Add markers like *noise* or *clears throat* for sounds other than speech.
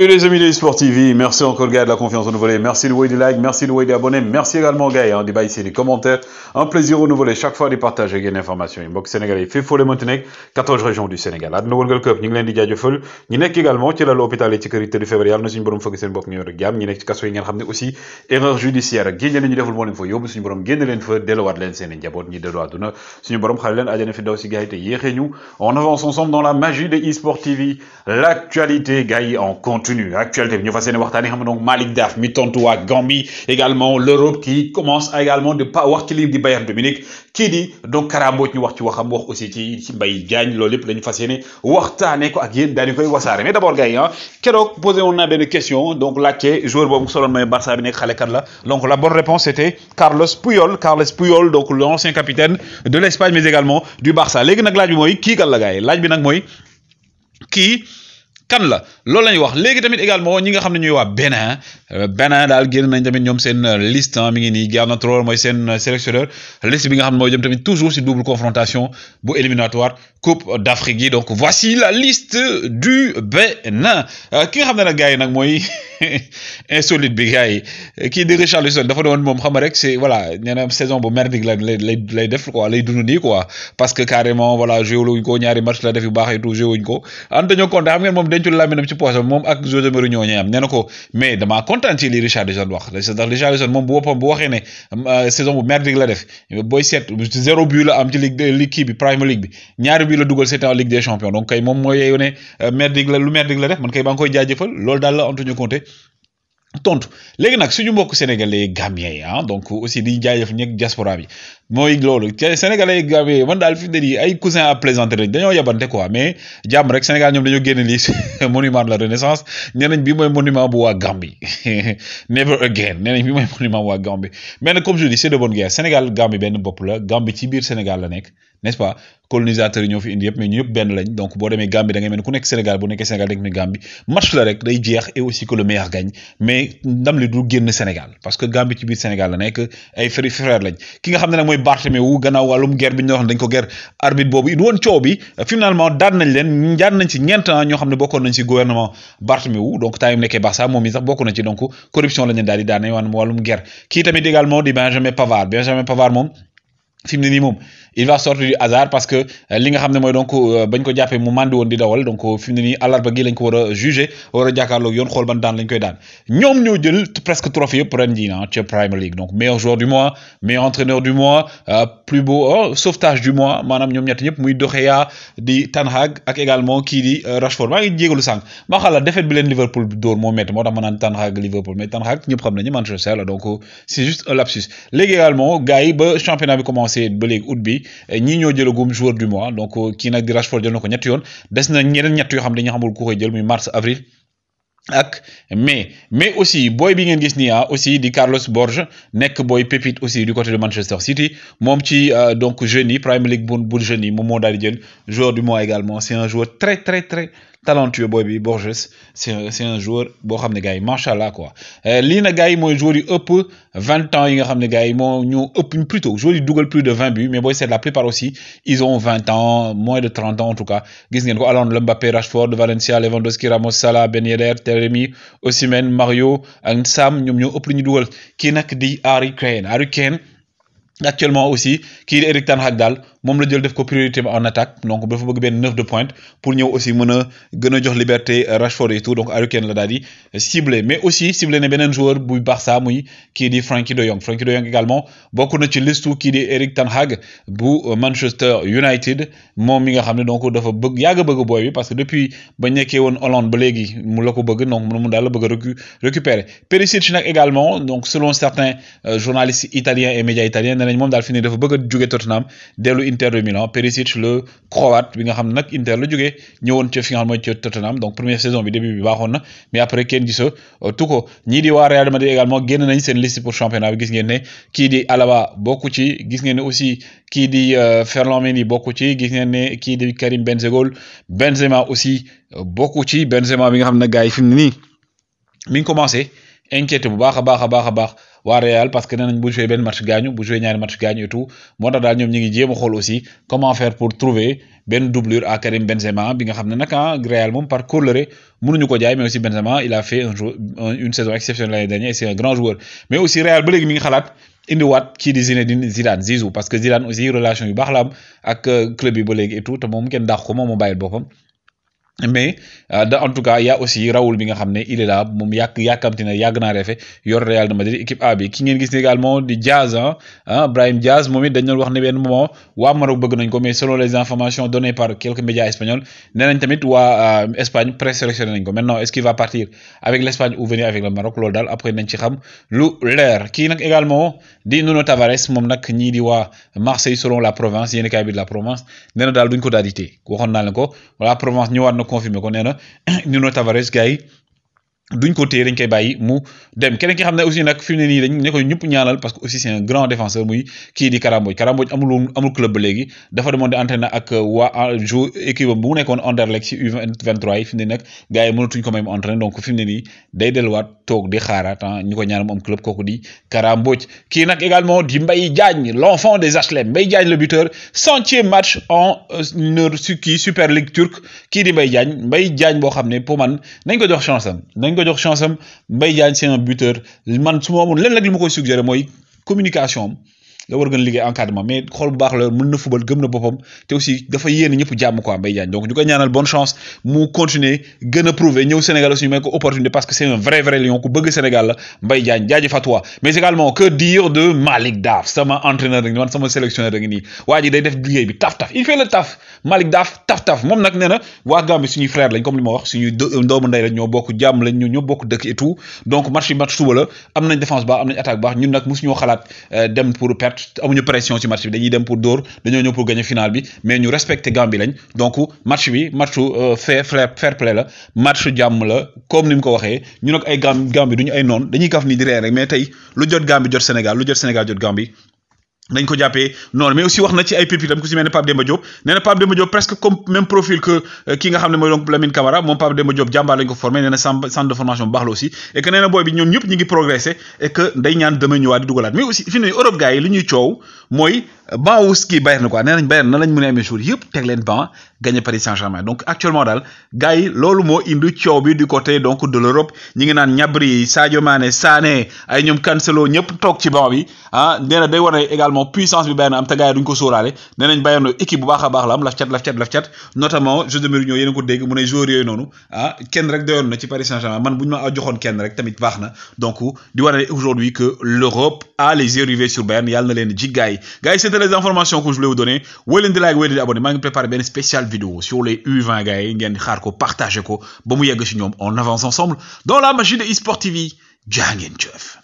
Et les amis de Sport TV, merci encore le gars de la confiance renouvelée, merci le way des likes, merci le way des abonnés, merci également gars hein, de baisser des commentaires, un plaisir renouvelé chaque fois de partager des informations. Mbok Sénégalais, fait pour les Montenegro, 14 régions du Sénégal. nouvelle Wongal Cup, ñu ngi leen di jaajëfal, ñi nekk également ci lalu hôpital yi ci kër yi tëdd feebar yàlla na suñu borom fëgg seen bopp ñu yor ak jàmm, ñi nekk ci kaso yi ngeen aussi erreur judiciaire génne leen ñu deful moo leen fa yóbbu suñu borom génne leen fa delluwaat leen seen njaboot ñi delluwaat duna suñu borom xale leen ajana fi daw si gars yi te ñu. On avance ensemble dans la magie de Sport TV, l'actualité gars en compte continue actualité ñu fas yéene donc Malick Daf mi tontu Gambie également l'Europe qui commence également de pas voir qu'il lii di Bayern Dominique qui dit donc karambooj nous wax ci waxam wax aussi ci ci Mbaye Diagne loolu lépp la ñu fas yéene ko ak yéen daal mais d'abord, gars yi ah keroog posé une question donc la joueur bon soloon may Barça bi nekk donc la bonne réponse était Carlos Puyol Carlos Puyol donc l'ancien capitaine de l'Espagne mais également du Barça léegi nag laaj bi mooy kii la gars yi bi kan la loolu la ñuy wax léegi tamit également ñi nga xam ne ñuy wa benin euh, benin daal génn nañ tamit ñoom seen euh, liste hein, mi ngi nii garna Rohr mooy seen euh, sélectionneur liste bi nga xam ne mooy jëm tamit toujours si double confrontation bu éliminatoire Coupe d'Afrique yi donc voici la liste du Benin. ki nga xam ne nag gars yi nag mooy *laughs* insolite bi gars yi kii di Richarlison dafa doon moom xam rek c'est voilà nee na saison bu merdique la lay lay def quoi lay dund nii quoi parce que carrément voilà joué wuñ ko ñaari match la def yu baax et tout joué wuñ ko Antonio Conte xam ngeen moom dencul làmminam ci poosam moom ak José Mourinho ñoo am nee ko mais damaa kontaan ci li Richarlison wax ndax Richarlison moom bu boppam bu waxee ne euh, saison bu merdique la def booy seet zéro but la am ci ligue ligue kii League bi ñaari but la dugal sept ans Ligue des Champions donc kay moom mooy yeewu ne euh, merdique la lu merdique la def man kay ba nga koy jaajëfal loolu daal la Antonio Conte tontu léegi nag suñu mbokk sénégalais gambien yi ah donc aussi di jaajëf ñeeg diaspora bi mooy loolu sénégalais gambien yi man daal fi mu ne ay cousin à plaisanter lañ dañoo yabante quoi mais jàmm rek Sénégal ñoom dañoo génne lii *laughs* monument de la renaissance nee nañ mooy monument bu waa Gambie *laughs* never again nee nañ mooy monument bu waa Gambie mais comme je dis c'est de bonne guerre Sénégal Gambie benn bopp la gambi ci biir Sénégal la nekk. n'est-ce pas colonisateurs yi ñoo fi indi yëpp mais ñu yëpp benn lañ donc boo demee Gambie da ngay mel ku nekk Sénégal bu nekkee Sénégal da mi Gambie match la rek day jeex et aussi que le meilleur gagne mais ndam li du génn Sénégal parce que Gambie ci biir Sénégal la nekk ay frères frères lañ ki nga xam ne nag mooy Barthélemy wu gannaaw wàllum guerre bi ñu wax dañ ko guerre arbitre boobu it woon coow bi finalement daan nañ leen daan nañ ci ñeent ans ñoo xam ne bokkoon nañ ci gouvernement Barthélemy wu donc temps yi mu nekkee Barça moom i sax bokk na ci donc corruption la ñu daal di daan wàllum guerre kii tamit également di Benjamin Pavard Benjamin Pavard moom fi ne moom il va sortir du hasard parce que euh, li nga xam ne mooy donc euh, bañ ko jàppee mu màndi woon di dawal donc euh, fi mu ne nii àllarba gi lañ ko war a jugé war a jàkkaarloog yoon xool ban daan lañ koy daan ñoom ñoo jël presque trophée yëpp ren jii ah ca Premier League donc meilleur joueur du mois meilleur entraîneur du mois plus beau oh, sauvetage du mois maanaam ñoom ñett ñëpp muy Doxeya di Ten Hag ak également kii di Rashford maa ngi jégalu sànq maa xala défaite bi leen Liverpool door moo métti moo tax ma naan Tanhag Liverpool mais Tanhag Hag ñëpp xam nañu Manchester la donc c'est juste un lapsus léegi également gars yi ba championnat bi commencé commencé ba léegi août bi eh, ñi ñoo jëlagum joueur du mois donc euh, ki nag di Rashford jël na ko ñetti yoon des na ñeneen ñett yo xam dañu xamul ku koy jël muy mars avril. ak mais mais aussi Boy bi ngeen gis ni ah aussi di Carlos Borg nek Boy pépite aussi du côté de Manchester City mom ci euh, donc jeunes Premier League bu bu jeunes mom mo moo daal di jël joueur du mois également c'est un joueur très très très talentueux boy, bi Borges c'est un joueur bo xamné gaay machallah quoi Li na gars yi euh, joueur yu ëpp 20 ans yi nga xamné gaay gars ñu moo plutôt joueur yu dugal plus de 20 buts mais boy c'est la plupart aussi ils ont 20 ans moins de 30 ans en tout cas gis ngeen ko Hollande Mbappé Rashford Valencia Lewandowski Ramos Salah Ben Yedder Teremi Osimhen Mario ak Sam ñoom ñoo ëpp lu ñu dugal ki nak di Harry Kane Harry Kane actuellement aussi qui est Eric Ten Hag dal moom la jël def ko priorité en attaque donc dafa bëgg benn neuf de pointe pour ñëw aussi mën a gën a jox liberté euh, Rashford et tout donc Harry la daal di ciblé mais aussi ciblé ne beneen joueur buy Barça muy kii di Frenkie de Jong Frankie de Jong également bokk na ci listu kii di Eric Ten Hag bu Manchester United moom mi nga xam ne donc dafa bëgg yàgg bëgg booy bi parce que depuis ba nekkee woon Hollande ba léegi mu la ko bëgg donc mu daal la bëgg a recu récupérer Perisic nag également donc selon certains euh, journalistes italiens et médias italiens nee nañ moom daal fi ne dafa bëgg a Tottenham dellu Inter de Milan Perisic le croate bi nga xam nak Inter la jogué ñëwoon ci fi nga xam mooy Tottenham donc première saison bi début bi baaxoon na mais après kenn gisoo tuko ñi di wa Real Madrid également génn nañ seen liste pour championnat bi gis ngeen ne ki di Alaba bokku ci gis ngeen ne aussi ki di euh, Ferland Mendy bokku ci gis ngeen ne ki di Karim Benzema Benzema aussi euh, bokku ci Benzema bi nga xam ne gars yi mi ngi commencé inquiété bu baax a baax baax wa Real parce que nee bu jouer ben match gañu bu jouer ñaari match gañu et tout moo tax daal ñoom ñu ngi jéma xol aussi comment faire pour trouver ben doublure à Karim Benzema bi nga xamné nak ah Real moom par coloré mënuñu ko jaay mais aussi Benzema il a fait un jour une saison exceptionnelle l'année dernière c'est un grand joueur mais aussi Real ba légui mi ngi xalaat indiwaat kii di Zinedine Zidane Zizou parce que Zidane aussi relation yu baax la am ak euh, club bi ba légui et tout te moom kenn dàq ko moom moo bàyyil mais euh, en tout cas il y' a aussi Raoul bi nga xamné il est là moom yàq yàkkamti na yàgg naa reefe yor Real de Madrid équipe A bi ki ngeen gis également di Diaz hein, hein Brahim Diaz momi it dañ doon wax né ben moment wa Maroc bëgg nañ ko mais selon les informations données par quelques médias espagnols né nañ tamit wa euh, Espagne présélectionné nañ ko maintenant est ce qu'il va partir avec l'Espagne ou venir avec le Maroc lol dal après nañ ci xam lu leer ki nak également di Nuno Tavares mom nak ñi di wa Marseille selon la Provence yene kay bi de la Provence né na dal duñ ko daal di téye la Provence ñu na confirmou quando era *clears throat* Nuno Tavares gay duñ ko téye dañ koy bayyi mu dem keneen ki xam ne aussi nag fi mu ne nii dañ ne ko ñëpp ñaanal parce que aussi c'est un grand défenseur muy kii di Karamboj Karamboj amul amul club ba léegi dafa demoon di entraîné ak waa jou équipe bu mu nekkoon Anderlecht ci U23 yi fi mu ne nii nag gars yi mënatuñ ko même entraîné donc fi mu ne nii day delluwaat toog di xaaraat ah ñu ko ñaanal mu am club kooku di Karamboj Mbodj kii nag également di Mbaye Diagne l'enfant des HLM Mbaye Diagne le buteur centième match en euh, heure kii Super League turque kii di Mbaye Diagne Mbaye Diagne boo xam ne pour man nañ ko jox chance am ko jox chance am Mbaye Diagne c'est un buteur man su ma amoon lenn rek li ma koy suggéré mooy communication am nga war gën liggéey encadrement mais xol bu baax la mën na fubal gëm na boppam te aussi dafa yéene ñëpp jàmm quoi Mbaye Diagne donc ñu koy ñaanal bonne chance mu continuer gën a prouver ñëw Sénégal aussi ñu may ko opportunité parce que c'est un vrai vrai lion ku bëgg Sénégal la Mbaye Diagne jaajëfat waa mais également que dire de Malik Daf sama entraîneur da man sama sélectionneur da nga nii waa ji day def liggéey bi taf taf il fait le taf Malik Daf taf taf moom nag nee na waa Gambie suñu frère lañ comme li ma wax suñu doomu ndey lañ ñoo bokk jàmm lañ ñoo bokk dëkk et tout donc match bi match suba la am nañ défense baax am nañ attaque baax ñun nag mosuñoo xalaat euh, dem pour perte certes amuñu pression ci match bi dañuy dem pour d'or dañoo ñëw pour gagner final bi mais ñu respecté Gambie lañ donc match bi matchu euh, fair fair play la matchu jàmm la comme ni mu ko waxee ñu nag ay Gambie Gambie duñu ay noon dañuy gaf ni di rek mais tey lu jot Gambie jot Sénégal lu jot Sénégal jot Gambie dañ ko jappé non mais aussi waxna ci ay pépitam ku si mel ne Pape Demba Diop néna Pape Demba Diop presque comme même profil que euh, ki nga xamné ne donc Lamine Camara moom Pape Demba Diop jamba lañ ko former néna centre de formation baxlo aussi et que néna na bi ñom ñëpp ñi ngi progresser et que day ñaan demain ñëwaat di dugulat mais aussi fini ne Europe gars li ñuy ciow ban wu kii Bayern quoi nee Bayern nan lañ mën amé amee jour yëpp teg leen ban gagné Paris Saint-Germain donc actuellement dal gaay lolu mo moo indi coow bi du côté donc de l'Europe ñi ngi naan ñabri Sadio Mané Sané ay ñom Cancelo ñëpp tok ci ban bi hein ah, néna day wone également puissance bi Bayern am te gaay duñ ko souralé nee nañ Bayern équipe bu baaxa baax la am la chat la chat la chat notamment José Mourinho yéen a ko dégg mu ne joueurs yooyu noonu ah kenn rek doyoon na ci Paris Saint-Germain man bu ñu ma joxone kenn rek tamit baxna donc di wone aujourd'hui que l'Europe a les yeux rivés sur Bayern yalla na leen ji gaay yi les informations que je voulais vous donner wéy de like wéy leen vous abonné une spéciale vidéo sur les U20 gars yi vous xaar partager. Bon, ko on avance ensemble dans la magie de eSport TV jaa Jeff.